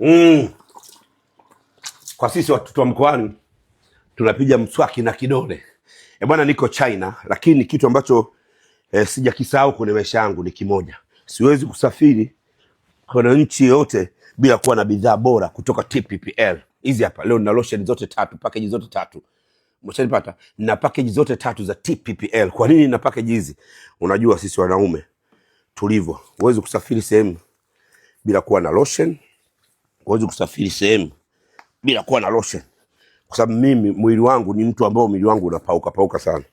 Mm. Kwa sisi watoto wa mkoani tunapiga mswaki na kidole. E bwana, niko China lakini kitu ambacho e, sijakisahau kwenye maisha yangu ni kimoja, siwezi kusafiri kwenye nchi yoyote bila kuwa na bidhaa bora kutoka TPPL. Hizi hapa leo nina lotion zote tatu, package zote tatu mshanipata, na package zote tatu za TPPL. Kwa nini na package hizi? Unajua sisi wanaume tulivyo, huwezi kusafiri sehemu bila kuwa na lotion Huwezi kusafiri sehemu bila kuwa na lotion, kwa sababu mimi mwili wangu ni mtu ambao mwili wangu unapauka pauka sana.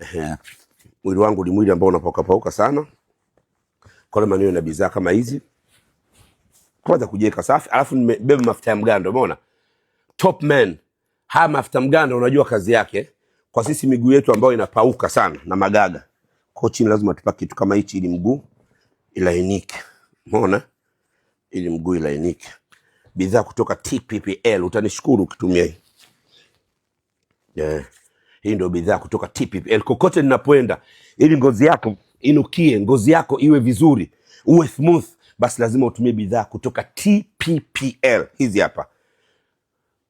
Ehe, mwili wangu ni mwili ambao unapauka pauka sana. Kwa maana hiyo, na bidhaa kama hizi kwanza kujiweka safi, alafu nimebeba mafuta ya mgando. Umeona top man, haya mafuta mgando, unajua kazi yake kwa sisi miguu yetu ambayo inapauka sana na magaga. Kwa chini lazima tupake kitu kama hichi ili mguu ilainike. Umeona? ili mguu ilainike. Bidhaa kutoka TPPL, utanishukuru ukitumia hii yeah. Hii ndio bidhaa kutoka TPPL. Kokote ninapoenda, ili ngozi yako inukie, ngozi yako iwe vizuri, uwe smooth, basi lazima utumie bidhaa kutoka TPPL. Hizi hapa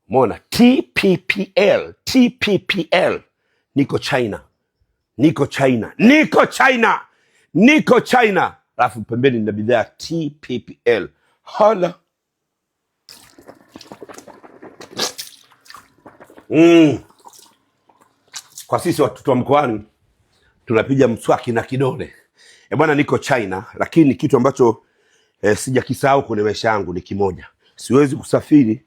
mona TPPL, TPPL. Niko China, niko China, niko China, niko China, alafu pembeni na bidhaa ya TPPL. Hala. Mm. Kwa sisi watoto wa mkoani tunapiga mswaki na kidole. E bwana, niko China lakini kitu ambacho eh, sijakisahau kwenye maisha yangu ni kimoja, siwezi kusafiri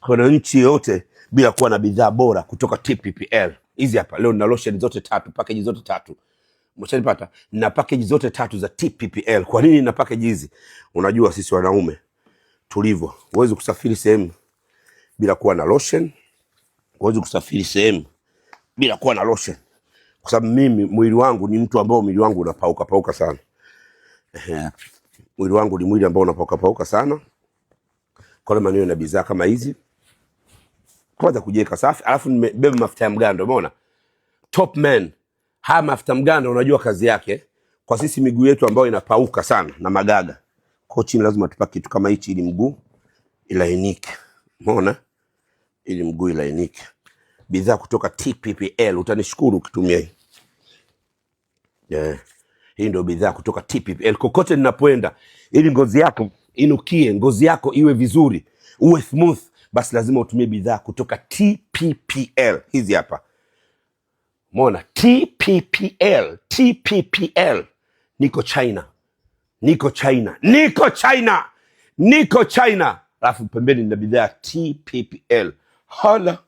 kwenye nchi yoyote bila kuwa na bidhaa bora kutoka TPPL. Hizi hapa leo nina lotion zote tatu, package zote tatu Mshanipata na package zote tatu za TPPL. Kwa nini na package hizi? Unajua sisi wanaume tulivyo, huwezi kusafiri sehemu bila kuwa na lotion, huwezi kusafiri sehemu bila kuwa na lotion, kwa sababu mimi mwili wangu ni mtu ambao mwili wangu unapauka pauka sana. Ehe, mwili wangu ni mwili ambao unapauka pauka sana. Kwa maana niwe na bidhaa kama hizi, kwanza kujiweka safi, alafu nimebeba mafuta ya mgando, umeona top man Haya mafuta mganda, unajua kazi yake kwa sisi miguu yetu ambayo inapauka sana na magaga, Kochi lazima tupake kitu kama hichi ili mguu ilainike. Umeona, ili mguu ilainike. Bidhaa kutoka TPPL, utanishukuru ukitumia hii yeah. Hii ndio bidhaa kutoka TPPL. Kokote ninapoenda, ili ngozi yako inukie, ngozi yako iwe vizuri, uwe smooth, basi lazima utumie bidhaa kutoka TPPL. Hizi hapa Mona TPPL, TPPL, niko China, niko China, niko China, niko China, alafu pembeni na bidhaa TPPL. Hala.